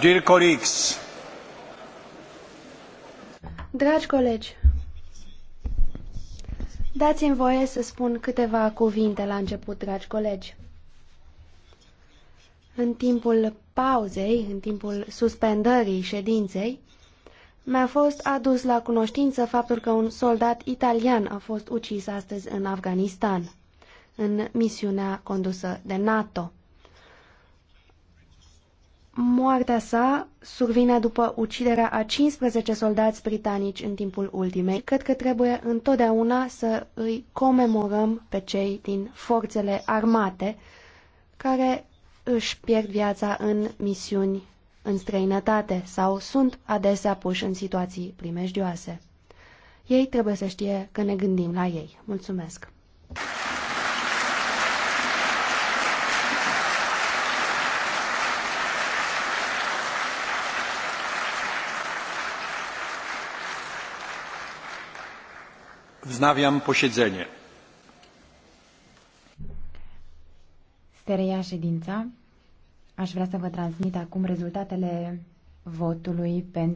Dear colleagues. Dragi colegi, dați-mi voie să spun câteva cuvinte la început, dragi colegi. În timpul pauzei, în timpul suspendării ședinței, mi-a fost adus la cunoștință faptul că un soldat italian a fost ucis astăzi în Afganistan în misiunea condusă de NATO. Moartea sa survine după uciderea a 15 soldați britanici în timpul ultimei. Cred că trebuie întotdeauna să îi comemorăm pe cei din forțele armate care își pierd viața în misiuni în străinătate sau sunt adesea puși în situații primejdioase. Ei trebuie să știe că ne gândim la ei. Mulțumesc! Wznawiam posiedzenie. Se reia ședința. Aș vrea să vă transmit acum rezultatele votului pentru